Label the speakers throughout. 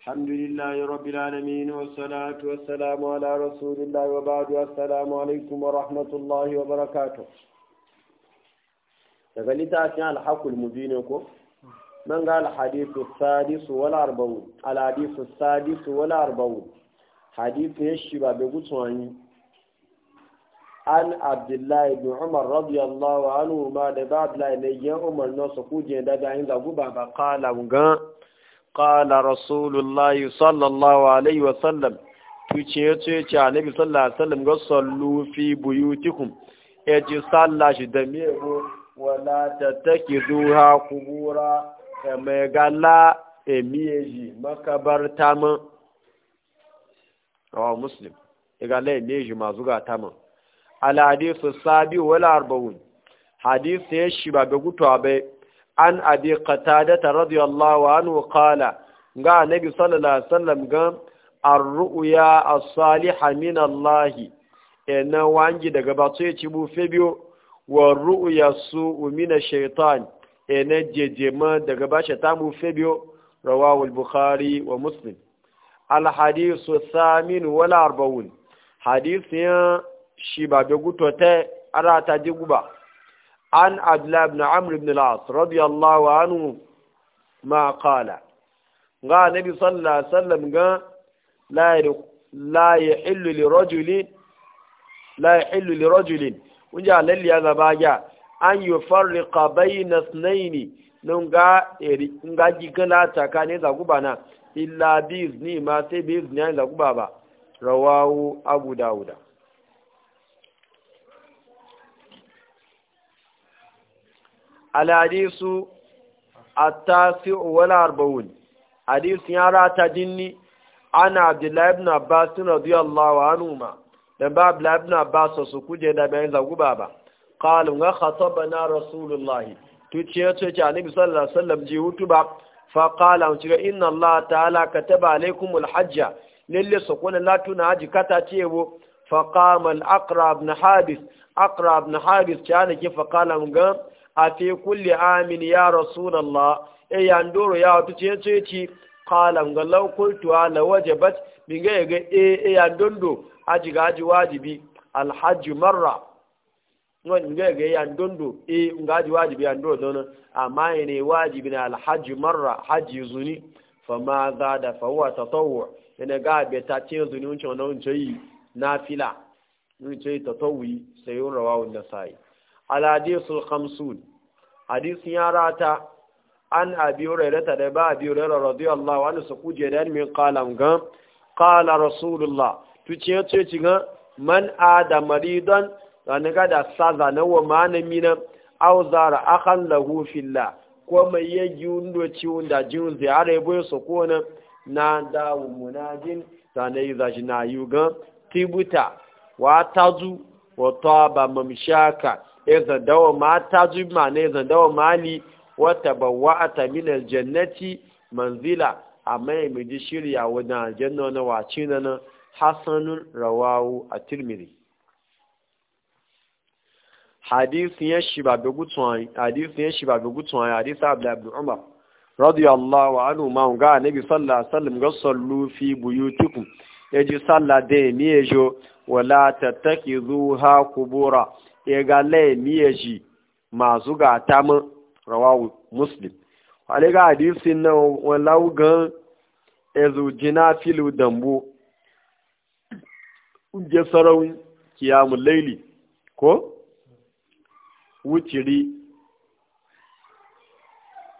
Speaker 1: الحمد لله رب العالمين والصلاة والسلام على رسول الله وبعد السلام عليكم ورحمة الله وبركاته تقلت أشياء الحق المبين من قال الحديث السادس والأربعون الحديث السادس والأربعون حديث يشبه بقصواني عن عبد الله بن عمر رضي الله عنه ما دبعت لأنه عمر نصف وجه دبعين لأبو بابا قال وقال قال رسول الله صلى الله عليه وسلم tuce ya ce ce annabi sallallahu alaihi wasallam ga sallu ji salla da mego wala tattakizuha kubura kama gala e miyeji makabarta man rawa muslim e gala e miyeji mazu hadisu sabi wala arba'un hadisi ya shi ba an abi qatadata radiyallahu anhu qala ga nabi sallallahu alaihi wasallam ga ar-ru'ya as-saliha min Allah ina wangi daga batu ya ci bu febiyo wa ru'ya su'u min ash-shaytan ina jejema daga ba shaytan bu febiyo rawahu al-bukhari wa muslim al-hadith as-samin wal arba'un hadith ya shi ba be gutote ara ta ji guba عن عبد الله بن عمرو بن العاص رضي الله عنه ما قال قال النبي صلى الله عليه وسلم قال لا لا يحل لرجل لا يحل لرجل وجاء للي هذا باجا أن يفرق بين اثنين نونغا نونغا جيكلا تاكاني زاغوبانا إلا بإذن ما سي بإذن زاغوبابا رواه أبو داود الحديث التاسع والأربعون حديث يارا تجني عن عبد الله بن عباس رضي الله عنهما لما عبد الله بن عباس سكوجي دابين زغو بابا na خطبنا رسول الله ce tuciye annabi sallallahu alaihi wasallam ji hutuba fa qala untiga inna allah ta'ala kataba alaykumul hajja lalle sokona latuna haji kata cewo fa qama al aqra ibn habis aqra ibn habis ta ne ke fa qala mun ga a fi kulli amin ya rasulallah e ya ndoro ya wato ce ce ci qalan ga law qultu ala wajabat binga ga ga e e ya ndondo aji ga aji wajibi alhajj marra non ga ga ya ndondo e ga aji wajibi ya ndoro don amma ne wajibi na alhajj marra haji zuni ma za da fawa tatawwu ina ga be ta ce zuni unce wannan unce yi nafila unce tatawwi sayun rawahu sa'i. alhadisul khamsun hadisin yara ta an abi hurairata da ba abi hurairata radiyallahu anhu su kuje da min qalam ga qala rasulullah tuce ce ci ga man ada maridan dan ga da saza na wa manami na auzara akan akhan lahu filla. ko mai yaji da jin ziyara boye su ko na na dawo munajin yi zaji na yuga tibuta wa tazu wa taba mamshaka ya zandawa ma ta jima ne ya zandawa mali wata bawa a taminar jannati manzila a mai miji shirya wajen janna na wace na nan hasanun rawawu a tirmidhi hadisi ya shi ba ga gutsuwan hadisi ya shi ba ga gutsuwan hadisi abdullahi ibn umar radiyallahu anhu ma ga annabi sallallahu alaihi wasallam ga sallu fi buyutikum yaji sallah da miyejo wala tattakizuha kubura ya ya shi masu ga rawa muslim wani ga hadisin na wani gan ezu jina filu dambo je sarauni laili ko wuciri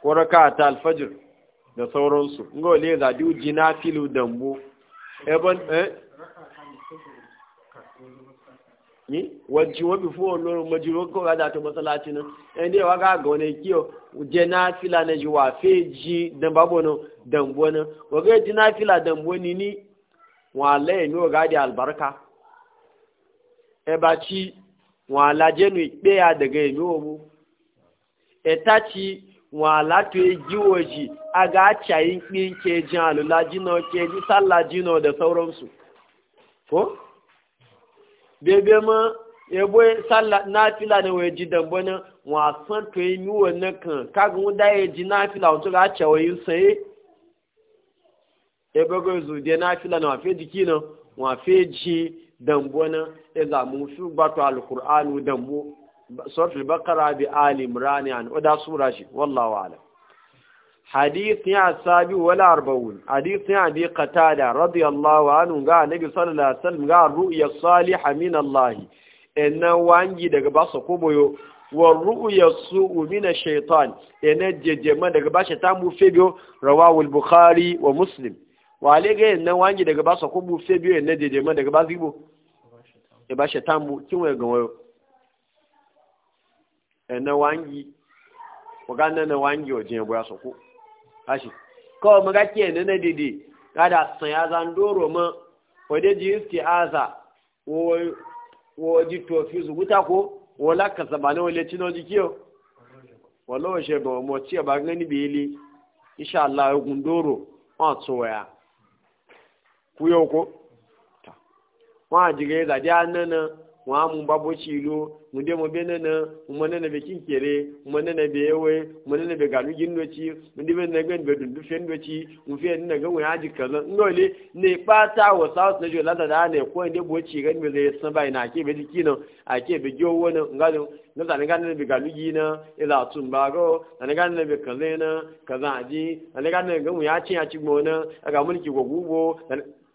Speaker 1: ko raka ta alfajir da sauransu jina filu dambo wajen wabi fuwa lorin majiro ko ga da matsalaci nan na da waga ga wani kiyo je na fila na ji wa fe ji dan babo nan dambo nan waga ji na fila dambo ni ni wa lai ni waga da albarka e ba ci wa la je ni pe ya daga ni o obu e ta ci wa la to e ji a ga cha yin pin ke jan alulaji no ke ji sallaji no da su ko bebe ma ebo na fila ne we ji dambo na wa san to yi e mi wannan kan ka gun da ya e ji na o to ga cewa yin sai ebe e go zu de fila na wa fe di kino wa fe ji dambo na e za mu fi gbato alqur'anu dambo al baqara bi ali imran an oda sura shi wallahu a'lam حديث يا السابي ولا أربعون حديث يا أبي قتادة رضي الله عنه قال النبي صلى الله عليه وسلم قال رؤيا الصالحة من الله إنه وانجي دقباس قبو والرؤيا السوء من الشيطان إنه ججمع دقباس تامو فيبيو رواه البخاري ومسلم وعليك إنه وانجي دقباس قبو فيبيو إنه ججمع دقباس قبو دقباس تامو كم يقوم إنه وانجي وقال إنه وانجي وجنبوا يا سقو ashi kawai maga ke na na dede kada san ya zan doro ma wadda ji iske aza wo ji tofi su guta ko wala ka sabana wale cino ji kiyo wala she ba mo ci ba gani be ile insha Allah gun doro wa tsoya ku yoko ta wa ji ga da da nan wa mba babo cilo mu de mu benana mu manana be kinkere mu manana be ewe mu manana be galu gindoci mu de benana gan be dundu fiye mu fe na gan wa aji kaza ngole ne pata wa south na jola da da ne ko de bo ci gan me zai san bai na ke be a ke na galu na be kaza na kaza na ne ya ci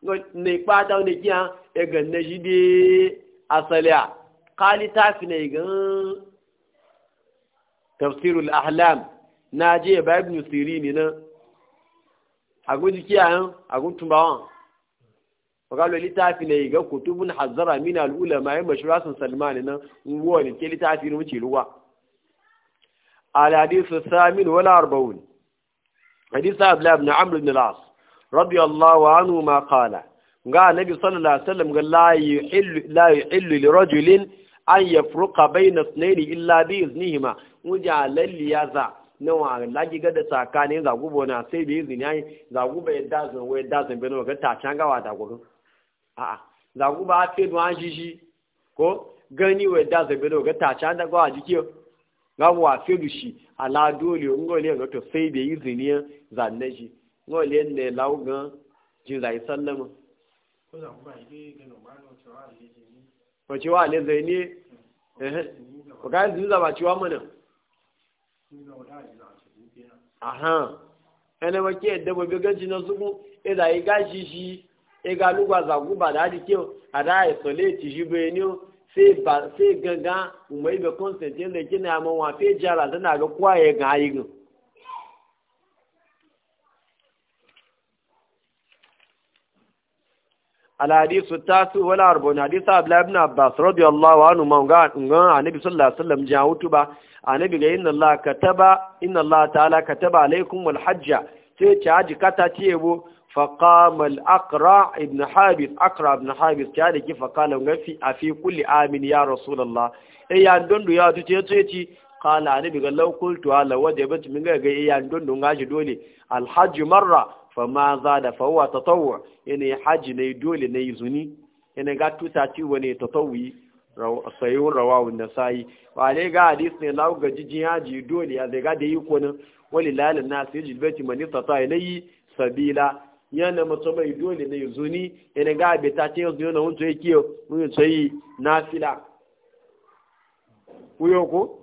Speaker 1: na aga ne na asaliya kali fi ne gan tafsirul ahlam na je ba ibn sirini na agun jikiya yan agun tumbawan wakalo littafi ne ga kutubun hazara min ma ya mashura sun salmani nan nguwa ne ke littafi ne wuce ruwa al-hadisu samin wala arba'un hadisa abdullahi ibn amr ibn al-as radiyallahu anhu ma qala ga annabi sallallahu alaihi wasallam ga la yuhillu la yuhillu li rajulin an yafruqa bayna ithnayn illa bi iznihima wuja no wa lagi ga da tsakanin zagubo na sai bi izini ai zagubo ya dazan wai dazan no ga ta changa wa da gugu a a zagubo a ce an jiji ko gani wai dazan no ga ta changa canga wa jiki ga wa fedu shi ala dole ngo ngole ga to sai bi izini naji ngo le ne lawgan jin zai sallama a cewa ne zai ne ba kayan zuza ba cewa mana aha ẹni wọ́n kí ẹ̀dẹ́ bọ̀bí gẹ́jì náà súnkún ẹ̀dà igá ṣíṣí ẹgá lúgbà ọ àdá ẹ̀sọ̀ lè ti ṣí bẹ́ẹ̀ ni ó fẹ́ gangan ìmọ̀ ibẹ̀ kọ́ńtẹ̀ntì ẹ̀ lẹ́jẹ́ náà mọ̀ الحديث التاسع والأربعون حديث عبد الله بن عباس رضي الله عنه ما عن النبي صلى الله عليه وسلم جاء وتبا النبي قال إن الله كتب إن الله تعالى كتب عليكم الحج تيجي كتاتيه فقام الأقرع ابن حابس أقرع ابن حابس كان فقال في في كل آمن يا رسول الله أي عندن يعني يا تيجي قال عن biga laukultu ala waje bata min ga iya dundun gashi dole alhaji marra fa ma za da fawa tatawwa yana haji ne dole na izuni yana ga tuta ci wani tatawwi sayun rawawun na sayi حديث ga hadis ne lau دولي jijin yaji dole a zai ga da yi kwanin wani lalin na sabila yana mace mai dole na izuni ina ga ta ce yanzu na wuce yake mun yi na fila. ko?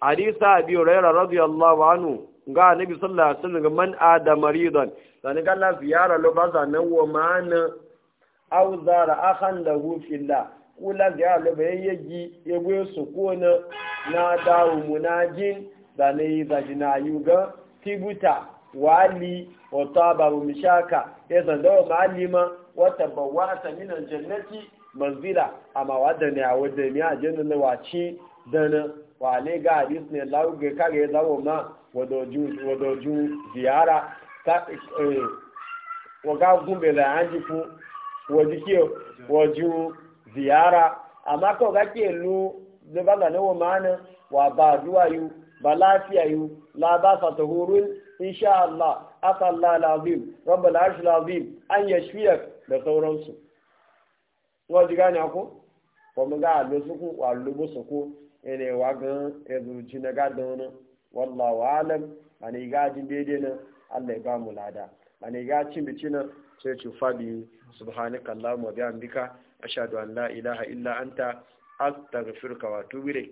Speaker 1: hadisa abi Raira, radiyallahu anhu ga nabi sallallahu alaihi wasallam man adam maridan dan ga la ziyara lo ba nan wa mana aw zara akhan lahu kula ziyara lo bai yaji yabo su ko na na dawo munajin da da jinayu tibuta wali wa tabaru mishaka ya zandawa Wata, wa Jannati, min aljannati manzila amma wadda ne a wadda ne a jannan wace dana wale ga hadis ne lauge kage zawo ma wadojun ziyara eh, waga gumbe da an fu wajike wajun ziyara amma ka ga ke lu da ba ga nawa mana wa ba duwa yu ba lafiya yu la ba sa tahurun insha Allah asalla lazim rabbal arshil azim an yashfiyak da sauransu wajiga ne ko ko mun ga lo suku wa lo suku ene wa gan ezu jina ga wallahu alam ani ga jin daidai nan Allah ya ba mu lada ani ga cin bici nan sai ci fadi subhanaka allahumma bihamdika ashhadu an la ilaha illa anta astaghfiruka wa atubu ilaik